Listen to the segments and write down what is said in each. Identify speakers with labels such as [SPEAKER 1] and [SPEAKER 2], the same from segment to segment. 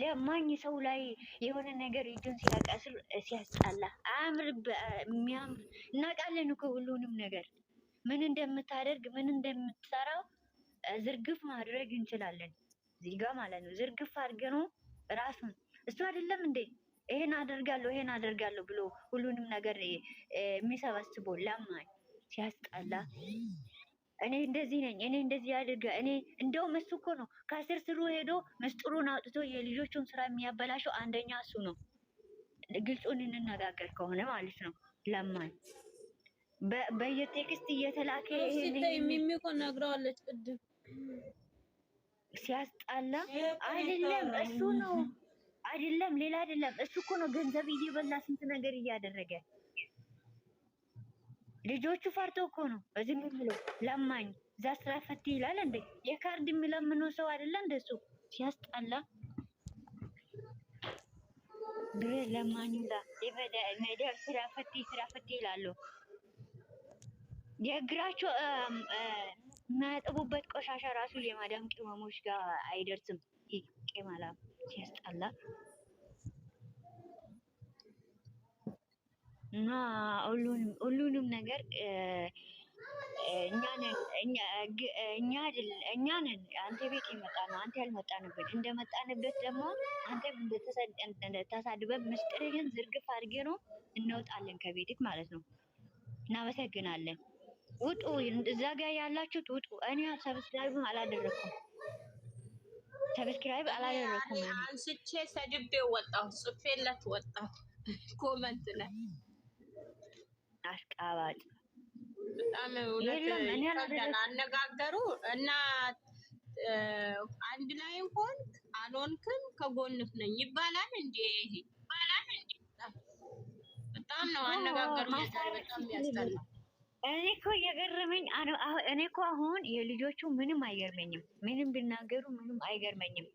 [SPEAKER 1] ለማኝ ሰው ላይ የሆነ ነገር እጁን ሲያቃስር ሲያስጣላ አምር የሚያምር እናውቃለን እኮ ሁሉንም ነገር ምን እንደምታደርግ ምን እንደምትሰራው ዝርግፍ ማድረግ እንችላለን። እዚህ ጋ ማለት ነው። ዝርግፍ አድርገ ነው ራሱን እሱ አይደለም እንዴ ይሄን አደርጋለሁ ይሄን አደርጋለሁ ብሎ ሁሉንም ነገር የሚሰበስበው ለማኝ ሲያስጣላ እኔ እንደዚህ ነኝ፣ እኔ እንደዚህ አድርገ እኔ እንደው እሱ እኮ ነው ከስር ስሩ ሄዶ ምስጢሩን አውጥቶ የልጆቹን ስራ የሚያበላሸው አንደኛ እሱ ነው። ግልጹን እንነጋገር ከሆነ ማለት ነው። ለማን በየቴክስት እየተላከ
[SPEAKER 2] ሚሚ ነግረዋለች ቅድም
[SPEAKER 1] ሲያስጣላ አይደለም እሱ ነው አይደለም ሌላ አይደለም እሱ እኮ ነው ገንዘብ እየበላ ስንት ነገር እያደረገ ልጆቹ ፈርቶ እኮ ነው ዝም ብሎ ለማኝ እዛ ስራ ፈት ይላል እንዴ! የካርድ የሚለምነው ሰው አይደለ እንደሱ ሲያስጠላ። ብር ለማኝ ላ ነደር ስራ ፈት ስራ ፈት ይላሉ። የእግራቸው የሚያጥቡበት ቆሻሻ ራሱ የማዳም ቅመሞች ጋር አይደርስም። ይቅማላ ሲያስጠላ እና ሁሉንም ነገር እኛ ነን። አንተ ቤት የመጣ ነው አንተ ያልመጣንበት። እንደመጣንበት ደግሞ አንተ ተሳድበን ምስጢርህን ዝርግፍ አድርጌ ነው እንወጣለን ከቤትህ ማለት ነው። እናመሰግናለን። ውጡ፣ እዛ ጋ ያላችሁት ውጡ። እኔ ሰብስክራይብም አላደረኩም፣ ሰብስክራይብ አላደረኩም።
[SPEAKER 2] አንስቼ ሰድቤ ወጣሁ፣ ጽፌለት ወጣሁ ኮመንት ላይ
[SPEAKER 1] አሽቃባጭ
[SPEAKER 2] በጣም እውነት አነጋገሩ እና አንድ ላይ ሆን አልሆንክም ከጎንህ ነኝ ይባላል እንዴ? ይሄ ይባላል እንዴ? በጣም ነው አነጋገሩ። በጣም ያስጠላል።
[SPEAKER 1] እኔ እኮ የገረመኝ እኔ እኮ አሁን የልጆቹ ምንም አይገርመኝም። ምንም ቢናገሩ ምንም አይገርመኝም።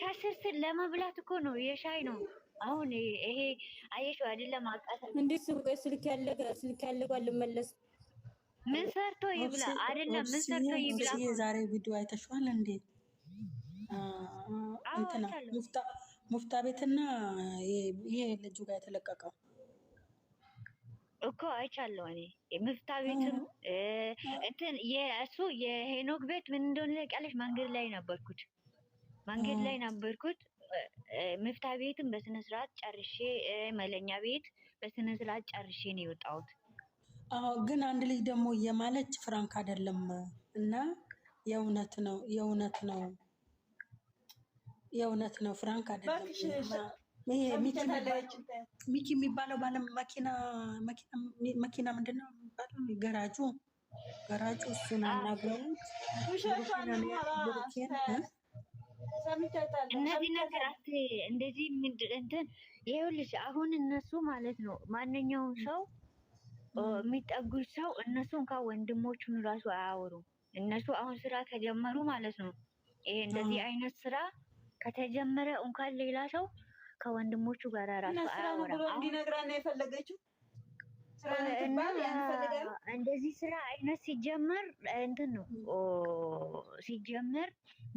[SPEAKER 1] ከስርስር ለመብላት እኮ ነው የሻይ ነው አሁን ይሄ አየሽው አይደለም
[SPEAKER 2] አቃተል እንዴ ስልክ ስልክ ያለ ስልክ ያለ ልመለስ
[SPEAKER 1] ምን ሰርቶ ይብላ አይደለም ምን ሰርቶ ይብላ
[SPEAKER 2] የዛሬ ቪዲዮ አይተሽዋል እንዴ እንትና ሙፍታ ሙፍታ ቤትና ይሄ ልጁ ጋር የተለቀቀው
[SPEAKER 1] እኮ አይቻለሁ እኔ የምፍታ ቤትም እንትን የእሱ የሄኖክ ቤት ምን እንደሆነ ታውቂያለሽ መንገድ ላይ ነበርኩት መንገድ ላይ ነበርኩት መፍታ ቤትም በስነ ስርዓት ጨርሼ መለኛ ቤት በስነ ስርዓት ጨርሼ ነው የወጣሁት።
[SPEAKER 2] አዎ ግን አንድ ልጅ ደግሞ የማለች ፍራንክ አይደለም እና የእውነት ነው የእውነት ነው የእውነት ነው ፍራንክ አይደለም። ይሄ ሚኪ የሚባለው ባለ መኪና መኪና ምንድን ነው የሚባለው ገራጁ ገራጁ እሱን አናግረው
[SPEAKER 1] እነዚህ ነገራት እንደዚህ እንትን ይኸውልሽ፣ አሁን እነሱ ማለት ነው ማንኛውም ሰው የሚጠጉች ሰው እነሱ እንኳ ወንድሞቹን ራሱ አያወሩም። እነሱ አሁን ስራ ከጀመሩ ማለት ነው ይሄ እንደዚህ አይነት ስራ ከተጀመረ እንኳን ሌላ ሰው ከወንድሞቹ ጋር ራሱ
[SPEAKER 2] አያወራም። እንዲነግራ የፈለገችው
[SPEAKER 1] እንደዚህ ስራ አይነት ሲጀመር እንትን ነው ሲጀመር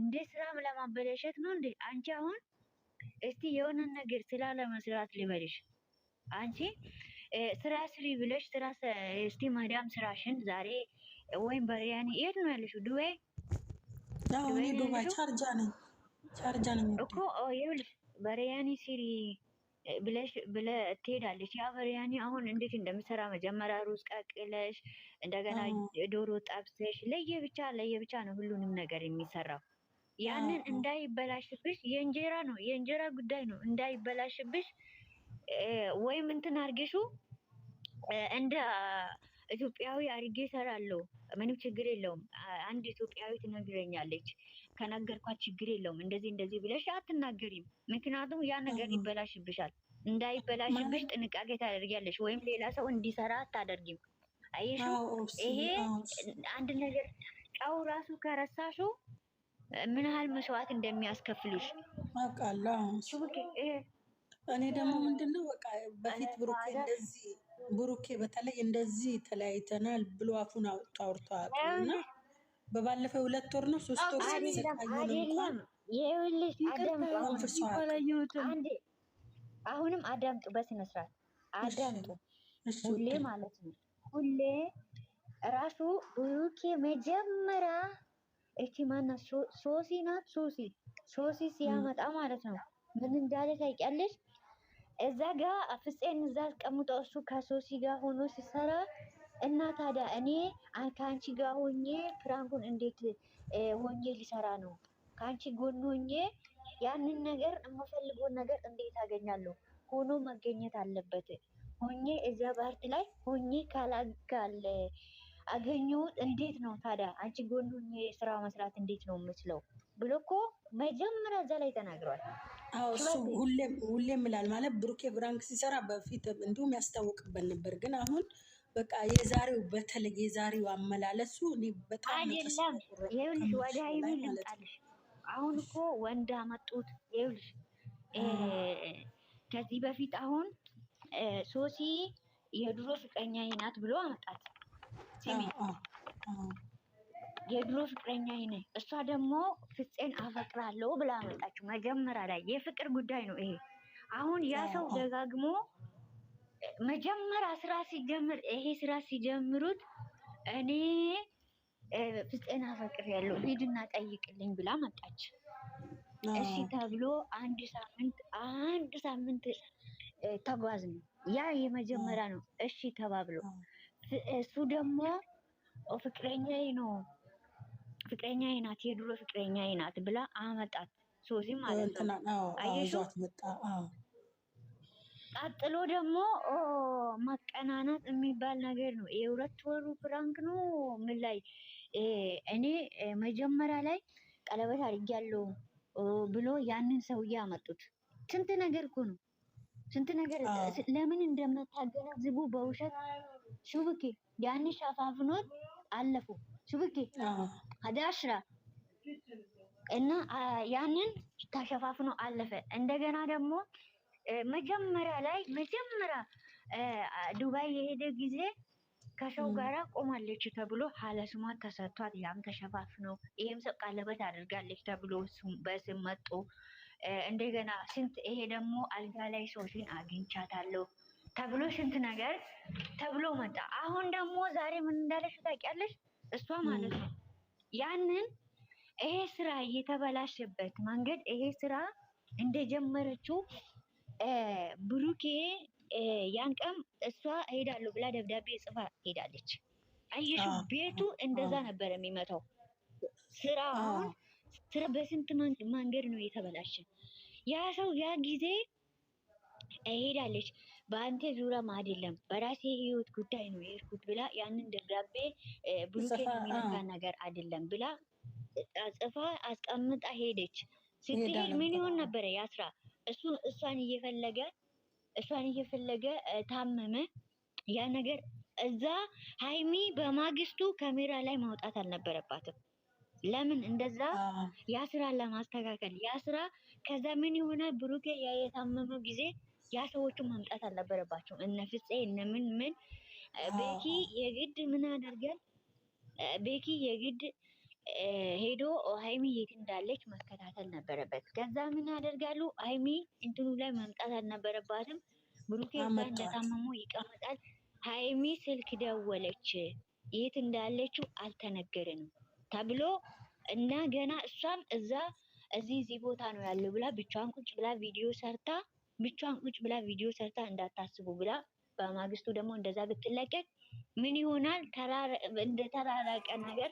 [SPEAKER 1] እንደ ስራም ለማበላሸት ነው እንዴ? አንቺ አሁን እስቲ የሆነ ነገር ስራ ለመስራት ልበልሽ። አንቺ ስራ ስሪ ብለሽ ስራ እስቲ ማዳም ስራሽን ዛሬ ወይም በሪያኒ የት ነው ያለሽው? ዱባይ
[SPEAKER 2] ዱባይ ቻርጃ ነኝ ቻርጃ ነኝ
[SPEAKER 1] እኮ ይኸውልሽ በሪያኒ ስሪ ብለሽ ብለ ትሄዳለች። ያ ያኔ አሁን እንዴት እንደምሰራ መጀመሪያ ሩዝ ቀቅለሽ እንደገና ዶሮ ጠብሰሽ ለየብቻ ለየብቻ ነው ሁሉንም ነገር የሚሰራው። ያንን እንዳይበላሽብሽ የእንጀራ ነው የእንጀራ ጉዳይ ነው እንዳይበላሽብሽ ወይም እንትን አርጌሹ እንደ ኢትዮጵያዊ አርጌ እሰራለሁ ምንም ችግር የለውም። አንድ ኢትዮጵያዊ ትነግረኛለች። ከነገርኳት ችግር የለውም። እንደዚህ እንደዚህ ብለሽ አትናገሪም፣ ምክንያቱም ያ ነገር ይበላሽብሻል። እንዳይበላሽብሽ ጥንቃቄ ታደርጊያለሽ፣ ወይም ሌላ ሰው እንዲሰራ አታደርጊም። አይሹ ይሄ አንድ ነገር ጫው ራሱ ከረሳሹ ምን ያህል መስዋዕት እንደሚያስከፍሉሽ
[SPEAKER 2] አውቃለሁ። እኔ ደግሞ ምንድነው በቃ በፊት ብሩኬ እንደዚህ ብሩኬ በተለይ እንደዚህ ተለያይተናል ብሎ አፉን አውጣውርታ እና በባለፈው ሁለት ወር ነው ሶስት
[SPEAKER 1] ወር ሲሰቃየን እንኳን ይቅርታ አንድ አሁንም አዳምጡ፣ በስነ ስርዓት አዳምጡ። ሁሌ ማለት ነው ሁሌ ራሱ ብሩኬ መጀመሪያ እቺ ማናት ሶሲ ናት። ሶሲ ሶሲ ሲያመጣ ማለት ነው ምን እንዳለ ታውቂያለሽ? እዛ ጋ ፍፄን እዛ አስቀምጦ እሱ ከሶሲ ጋር ሆኖ ሲሰራ እና ታዲያ እኔ ከአንቺ ጋር ሆኜ ፕራንኩን እንዴት ሆኜ ሊሰራ ነው? ከአንቺ ጎን ሆኜ ያንን ነገር የምፈልገውን ነገር እንዴት አገኛለሁ? ሆኖ መገኘት አለበት። ሆኜ እዚያ ፓርቲ ላይ ሆኜ ካላጋል አገኘሁት እንዴት ነው ታዲያ? አንቺ ጎን ሆኜ ስራ መስራት እንዴት ነው የምችለው ብሎ እኮ መጀመሪያ እዛ ላይ ተናግሯል።
[SPEAKER 2] እሱ ሁሌም ምላል ማለት ብሩኬ ብራንክ ሲሰራ በፊት እንዲሁም ያስታውቅበት ነበር፣ ግን አሁን በቃ የዛሬው በተለይ የዛሬው አመላለሱ በጣም
[SPEAKER 1] ወደ ሀይሚ ልምጣልሽ አሁን እኮ ወንድ አመጡት። ይኸውልሽ ከዚህ በፊት አሁን ሶሲ የድሮ ፍቅረኛ ናት ብሎ አመጣት። ሲሚ የድሮ ፍቅረኛ ይነ እሷ ደግሞ ፍፄን አፈቅራለሁ ብላ አመጣችሁ። መጀመሪያ ላይ የፍቅር ጉዳይ ነው ይሄ። አሁን ያ ሰው ደጋግሞ መጀመሪያ ስራ ሲጀምር ይሄ ስራ ሲጀምሩት እኔ ፍጤና ፈቅር ያለው ሂድና ጠይቅልኝ ብላ መጣች። እሺ ተብሎ አንድ ሳምንት አንድ ሳምንት ተጓዝ ነው ያ የመጀመሪያ ነው። እሺ ተባብሎ እሱ ደግሞ ፍቅረኛዬ ነው ፍቅረኛዬ ናት የድሮ ፍቅረኛዬ ናት ብላ አመጣት። ሶሲ ማለት
[SPEAKER 2] ነው። አየሽ
[SPEAKER 1] ቀጥሎ ደግሞ መቀናናት የሚባል ነገር ነው። የሁለት ወሩ ፕራንክ ነው ምን ላይ እኔ መጀመሪያ ላይ ቀለበት አድርጌያለሁ ብሎ ያንን ሰውዬ አመጡት። ስንት ነገር እኮ ነው ስንት ነገር ለምን እንደምታገናዝቡ በውሸት ሹብኬ ያን ሸፋፍኖት አለፉ። ሹብኬ አዳሽራ እና ያንን ተሸፋፍኖ አለፈ። እንደገና ደግሞ መጀመሪያ ላይ መጀመሪያ ዱባይ የሄደ ጊዜ ከሰው ጋራ ቆማለች ተብሎ ሀለስሟ ተሰጥቷት ያም ተሸፋፍ ነው። ይህም ሰው ቀለበት አድርጋለች ተብሎ በስም መጡ። እንደገና ስንት ይሄ ደግሞ አልጋ ላይ ሰዎችን አግኝቻታለሁ ተብሎ ስንት ነገር ተብሎ መጣ። አሁን ደግሞ ዛሬ ምን እንዳለች ታውቂያለሽ? እሷ ማለት ነው ያንን ይሄ ስራ እየተበላሸበት መንገድ ይሄ ስራ እንደጀመረችው ብሩኬ ያን ቀን እሷ እሄዳለሁ ብላ ደብዳቤ ጽፋ ሄዳለች። አየሽ፣ ቤቱ እንደዛ ነበር የሚመጣው። ስራ አሁን ስራ በስንት መንገድ ነው የተበላሸ። ያ ሰው ያ ጊዜ ሄዳለች። በአንተ ዙሪያም አይደለም በራሴ ህይወት ጉዳይ ነው የሄድኩት ብላ ያንን ደብዳቤ ብሩኬን የሚነካ ነገር አይደለም ብላ ጽፋ አስቀምጣ ሄደች። ስትሄድ ምን ይሆን ነበረ ያስራ እሱን እሷን እየፈለገ እሷን እየፈለገ ታመመ። ያ ነገር እዛ ሀይሚ በማግስቱ ካሜራ ላይ ማውጣት አልነበረባትም። ለምን እንደዛ ያ ስራ ለማስተካከል ያ ስራ ከዛ ምን ይሆናል ብሩኬ ያ የታመመው ጊዜ ያ ሰዎቹ ማምጣት አልነበረባቸው። እነ ፍፄ እነ ምን ምን ቤኪ የግድ ምን አደርገን ቤኪ የግድ ሄዶ ሀይሚ የት እንዳለች መከታተል ነበረበት። ከዛ ምን ያደርጋሉ? ሀይሚ እንትኑ ላይ መምጣት አልነበረባትም። ብሩኬ እዛ እንደታመሙ ይቀመጣል። ሀይሚ ስልክ ደወለች፣ የት እንዳለችው አልተነገረንም ተብሎ እና ገና እሷም እዛ እዚህ እዚህ ቦታ ነው ያለው ብላ ብቻዋን ቁጭ ብላ ቪዲዮ ሰርታ ብቻዋን ቁጭ ብላ ቪዲዮ ሰርታ እንዳታስቡ ብላ በማግስቱ ደግሞ እንደዛ ብትለቀቅ ምን ይሆናል? እንደ ተራራቀ ነገር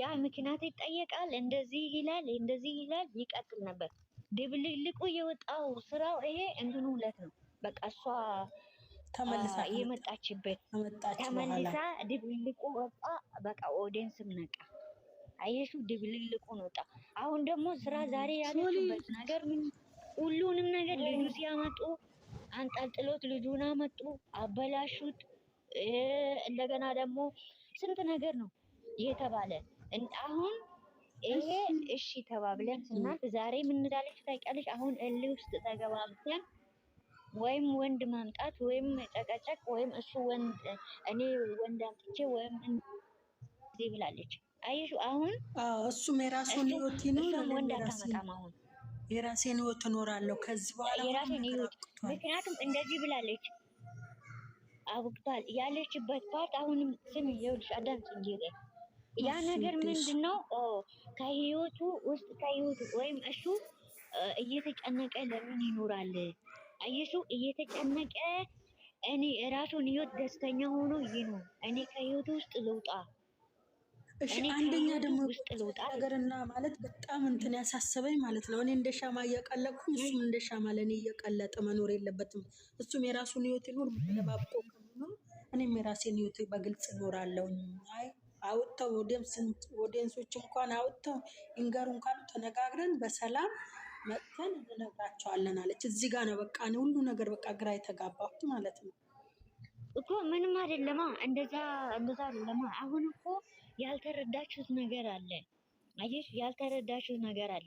[SPEAKER 1] ያ ምክንያት ይጠየቃል። እንደዚህ ይላል፣ እንደዚህ ይላል፣ ይቀጥል ነበር። ድብልቅልቁ የወጣው ስራው ይሄ እንትኑ ሁለት ነው። በቃ እሷ ተመልሳ የመጣችበት ተመልሳ ድብልቁ ወጣ። በቃ ኦዲየንስም ነቃ። አየሹ ድብልቅልቁን ወጣ። አሁን ደግሞ ስራ ዛሬ ያለችበት ነገር ምን ሁሉንም ነገር ልጁ ሲያመጡ አንጠልጥሎት ልጁን አመጡ፣ አበላሹት። እንደገና ደግሞ ስንት ነገር ነው የተባለ አሁን ይሄ እሺ ተባብለን ስናል ዛሬ ምን እንዳለች ታውቂያለሽ? አሁን እልህ ውስጥ ተገባብተን ወይም ወንድ ማምጣት ወይም ጨቀጨቅ ወይም እሱ ወንድ እኔ ወንድ አምጥቼ ወይም እዚህ ብላለች። አየሽ አሁን
[SPEAKER 2] እሱም የራሱን ህይወት ይኖራል።
[SPEAKER 1] ወንድ አታመጣም። አሁን
[SPEAKER 2] የራሴን ህይወት እኖራለሁ ከዚህ በኋላ
[SPEAKER 1] የራሴን ህይወት ምክንያቱም እንደዚህ ብላለች። አብቅቷል ያለችበት ፓርት አሁንም ስም ይኸውልሽ፣ አዳምጪ እንጂ ያ ነገር ምንድን ነው? ከህይወቱ ውስጥ ከህይወቱ ወይም እሱ እየተጨነቀ ለምን ይኖራል? እየሱ እየተጨነቀ እኔ የራሱን ህይወት ደስተኛ ሆኖ ይኖር፣ እኔ ከህይወቱ ውስጥ ልውጣ።
[SPEAKER 2] እሺ አንደኛ ደግሞ ነገርና ማለት በጣም እንትን ያሳሰበኝ ማለት ነው። እኔ እንደ ሻማ እያቀለጥኩ እሱም እንደ ሻማ ለእኔ እየቀለጠ መኖር የለበትም። እሱም የራሱን ህይወት ይኖር፣ ለባብቆ ከምኖር እኔም የራሴን ህይወት በግልጽ እኖራለሁ። አይ አውጥተው ወደንሶች እንኳን አውጥተው ይንገሩን ካሉ ተነጋግረን በሰላም መጥተን እንነግራቸዋለን አለች። እዚህ ጋር ነው በቃ እኔ ሁሉ ነገር በቃ ግራ የተጋባሁት ማለት ነው
[SPEAKER 1] እኮ ምንም አይደለማ። እንደዛ እንደዛ አይደለማ። አሁን እኮ ያልተረዳችሁት ነገር አለ። አየሽ፣ ያልተረዳችሁት ነገር አለ።